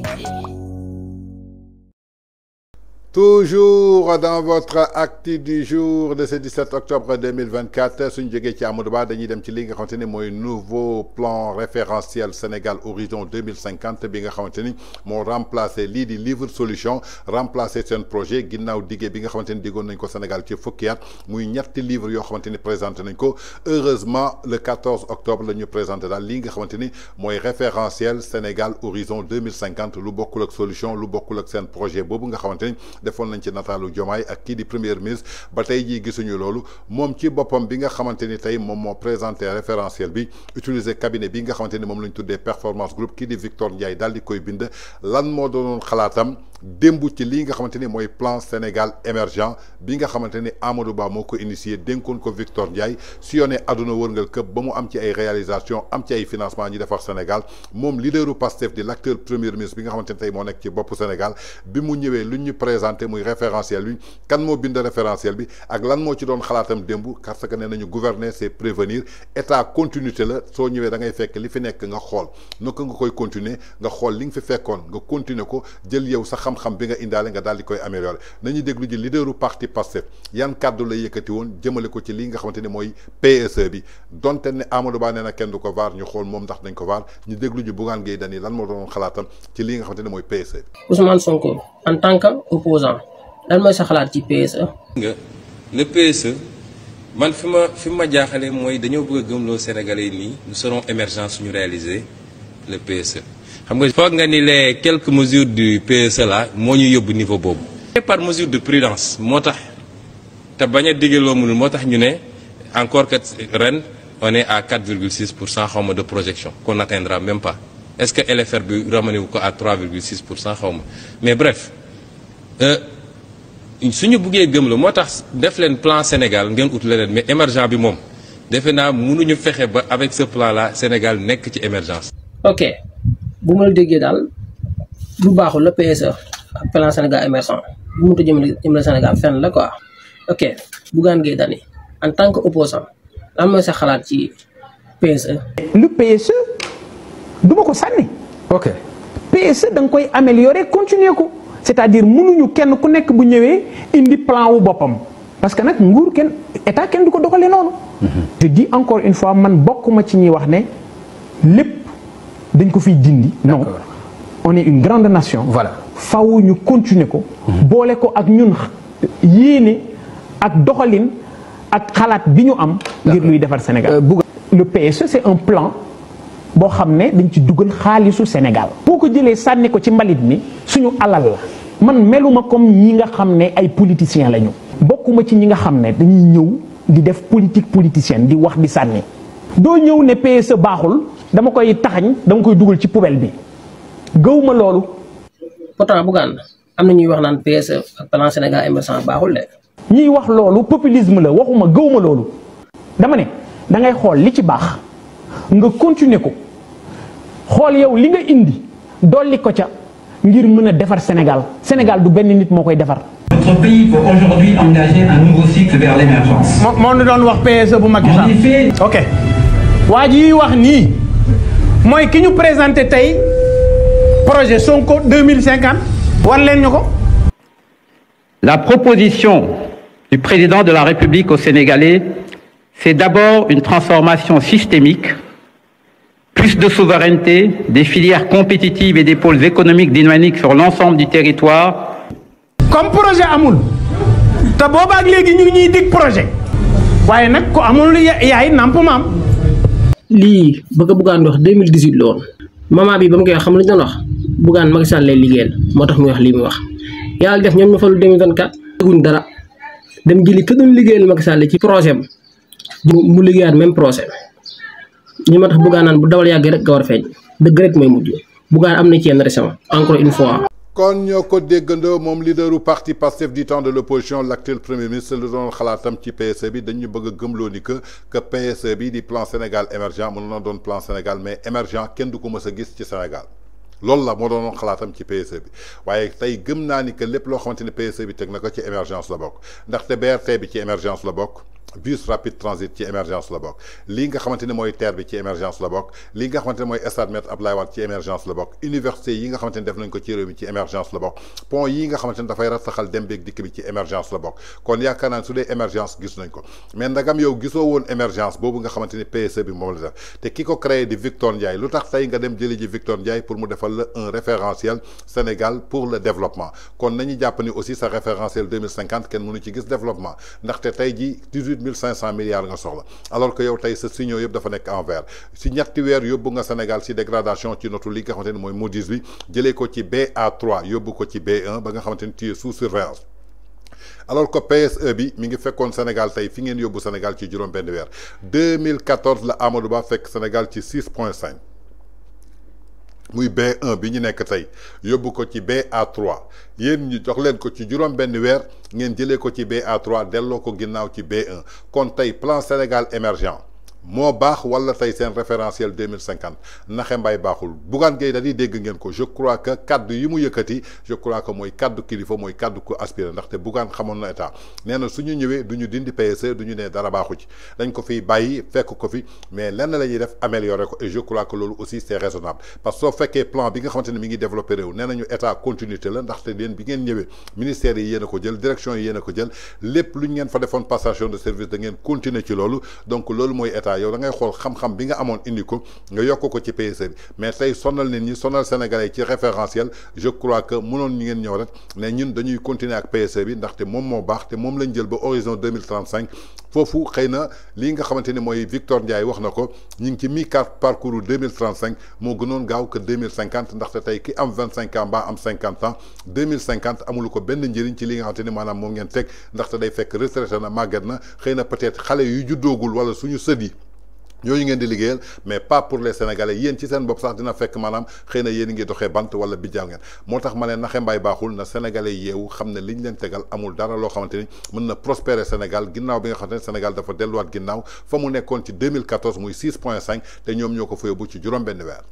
You. toujours dans votre acte du jour de ce 17 octobre 2024 suñu jógee ci Amadou Ba dañuy dem ci li nga nouveau plan référentiel Sénégal horizon 2050 bi nga remplacé lii di livre solution remplacé seen projet ginnaaw diggé bi nga xamante ni nañ ko Sénégal ci fukki at muy livre yoo xamante présenté nañ heureusement le 14 octobre la ñu présenté ligne lii nga xamante ni référentiel Sénégal horizon 2050 lu bokkul ak solution lu bokkul ak projet boobu defoon nañ ci Natalou Diomaye ak ki di premier ministre ba tey jii gisuñu lolu mom ci boppam bi nga xamanteni tay mom mo présenter présenté référentiel bi utiliser cabinet bi nga xamanteni mom lañ tuddé performance groupe qui di Victor Ndiaye dal di koy bind lan moo démb ci lii nga xamanteni moy plan Sénégal émergent bi nga xamanteni Amadou Ba moko initier initié dénkoon ko Victor Ndiaye sioné aduna wërngal keub ba mu am ci ay réalisation am ci ay financement ñi defar Sénégal mom leaderu Pastef di l'acteur premier ministre bi nga xamanteni tay mo nek ci bop Sénégal bi mu ñëwé lu ñu présenter muy référentiel lui kan mo bind référentiel bi ak lan mo ci doon xalaatam dembu parce que nenañu gouverner c'est prévenir état continuité la so ñëwé da ngay fekk li fi nek nga xol naka nga koy continuer nga xol li nga fi fekkoon nga continuer ko jël yow xam-xam bi nga indaale nga dal di koy améliorer nañuy déglu ji leaderu parti Pastef yan cadre la yëkëti won jëmele ko ci li nga xamanteni moy PSE bi donté né Amadou Ba nee na kenn du ko vaar ñu xol mom ndax dañ ko vaar ñu déglu ji Bougane Gueye Dany lan mo doon xalaatam ci li nga xamanteni moy PSE Ousmane Sonko en tant que opposant lan mooy sa xalaat ci PSE. nga le PSE man fi ma fi ma jaaxalee mooy dañoo bëgg gëm lo Sénégalais ni nous serons émergents suñu réaliser le PSE. Il faut que les quelques mesures du PSE là moo niveau yóbbu niveau Et par mesure de prudence motax ta baña mënul ñu encore que ren on est à 4,6 xawma de projection qu'on n'atteindra même pas est-ce que LFR bi ko à 3,6 xawma. mais bref. Euh, suñu buggee gëm la moo def plan Sénégal ngeen out mais émergent bi mom defena nous mënuñu fexé ba avec ce plan là Sénégal n'est ci émergence. ok bu ma la déggee daal lu baaxul la PSE plan Sénégal émergent bu mu jëm jëmale Sénégal fenn la quoi ok Bougane Gueye Dany en tant que opposant lan mooy sa xalaat ci PSE. lu PSE du ma ko sànni. ok PSE da nga koy améliorer continuer ko c'est-à-dire mënuñu kenn ku nekk bu ñëwee indi plan wu boppam parce que nag nguur kenn état kenn du ko doxalee noonu. te mhm. di encore une fois man bokk ma ci ñuy wax ne lépp dañ ko il dindi non on est une grande nation voilà faw ñu continuer ko mhm. bolé ko ak ñun yéene ak doxalin ak xalaat bi ñu am ngir luy défar Sénégal euh, le PSE c'est un plan bo xamné dañ ci duggal xaalisu Sénégal boo ko sanni ko ci mbalit mi suñu alal la man meluma comme ñi nga xamné ay politiciens lañu bokkuma ci ñi nga xamné dañuy ñëw di def politique politicienne di wax di sanni do ñëw né PSE baxul dama koy taxañ dama koy dugal ci poubelle bi gëwuma loolu. pourtant Bougane am na ñuy wax naan PSE ak plan Sénégal émergent baaxul de. ñiy wax loolu populisme la waxuma gëwuma loolu. dama ne dangay xool li ci baax nga continuer ko xool yow li nga indi dolli ko ca ngir mën a defar Sénégal Sénégal du benn nit moo koy defar. Notre moo ñu doon wax PSE bu Macky Sall. ok waa ji wax nii. Moi, qui nous présente le projet Sonko 2050 war leen La proposition du président de la République au Sénégalais, c'est d'abord une transformation systémique, plus de souveraineté, des filières compétitives et des pôles économiques dynamiques sur l'ensemble du territoire. Comme projet amul tu as beau ñu ngi dig projet waaye un ko amul li bëgg a buggaan wax 2018 la woon moment bi bam koy xam lu ñu wax buggaan Macky Sall lay liggéeyal moo tax muy wax li muy wax yaal def ñom ñu falu 2024 teguñ dara dem jëli fa doon liggéeyal Macky Sall ci projet am mu ligéat même projet ñu motax tax buggaan bu dawal yagg rek nga war a feeñ rek mooy mujj buggaan am na ci en récemment encore une fois kon ñoo ko déggandoo moom leaderu parti Pastef du temps de l'opposition l'actuel premier ministre le doon xalaatam ci PSE bi dañu bëgg a gëmloo ni que que PSE bi di plan Sénégal émergent mën na doon plan Sénégal mais émergent kenn du ko mës a gis ci Sénégal loolu la moo doon xalaatam ci PSE bi waaye tey gëm naa ni que lépp loo xamante ni PSE bi teg na ko ci émergence la bokk ndaxte BRT bi ci émergence la bokk bus rapide transit ci émergence la bok li nga xamanteni moy terre bi ci émergence la bok li nga xamanteni moy mooy stade Me Abdoulaye ci émergence la bok université yi nga xamanteni def nañ ko ci réew mi ci émergence la bok pont yi nga xamanteni da fay rattaxal dem beeg dik bi ci émergence la bok kon yaakaar su émergence gis nañ ko mais ndagam yow gisoo woon émergence nga xamanteni ne e bi mom la def te kiko créé di Victor Ndiaye lutax tax nga dem jëli ji Victor pour mu defal la un référentiel Sénégal pour le développement kon nañu jàpp ni aussi sa référentiel 2050 ken mënu ci gis développement ndaxte tay ji huit mille milliards nga soxla alors que yow tay ce signaux yeb dafa nek en vert si ñetti weer yobbu nga Sénégal si dégradation ci notu li nga xamante ni mooy bi jëlee ko ci BA3 yobbu ko ci B1 ba nga xamante ni tu sous surveillance. alors que PSE bi mi ngi fekkon Sénégal tay fi ngeen yobbu Sénégal ci juroom benn weer 2014 la Amadou Ba fekk Sénégal ci 6.5 muy B1 bi ñu nekk ko ci BA3 ñu jox leen ko ci benn ngeen ko ci BA3 ko ci B1 plan Sénégal émergent moo baax wala tey seen référentiel 2050 n'a cinquante naxe mbay baaxul Bougane dégg ngeen ko je crois que cadre du mu je crois que moi cadre kilifa mooy moi ko aspiré ndaxte Bougane xamoon na état nee na suñu ñëwee du ñu dindi PSE du ñu ne dara baaxu ci dañ ko fait bàyyi fekk ko fi mais l'un des ñuy def améliorer ko et je crois que loolu aussi c'est raisonnable parce que fait que plan bi nga xamante ne mi ngi développé réew nee nañu état continuité la ndaxte leen bi ngeen ñëwee ministères yi a ko jël direction yi yéen a ko jël lépp lu ngeen fa defoon passation de service da ngeen continuer ci loolu donc loolu mooy état état yow da ngay xol xam-xam bi nga amone indi ko nga yokk ko ci PSE mais tey sonal nit ñi sonal sénégalais ci référentiel je crois que mënoon ñi ngeen ñëw rek ne ñun dañuy continuer ak PSE bi ndaxte moom moo baax te mom lañ jël ba horizon 2035 fofu xeyna li nga xamante moy Victor Ndiaye wax na ko ngi ci mi carte parcours 2035 mo trente gaaw que 2050 ndax cinquante ndaxte ki am 25 ans ba am 50 ans 2050 amul ko benn njëriñ ci li nga xamante manam mo ngeen tek ndax day fekk retraité na màgget na xeyna peut-être xalé yu juddogul wala suñu sët ñooñu ngeen di liggéeyal mais pas pour les sénégalais yéen ci seen bopp sax dina fekk maanaam xëy na yéen ngi doxee bant wala bijaaw ngeen moo tax ma ne naxe mbaay baaxul na sénégalais yeewu xam ne li ñu leen tegal amul dara loo xamante ni mën na prospérer Sénégal ginnaaw bi nga xam ne Sénégal dafa delluwaat ginnaaw fa mu nekkoon ci 2014 muy 6 point 5 te ñoom ñoo ko fa yóbbu ci juróom-benn weer.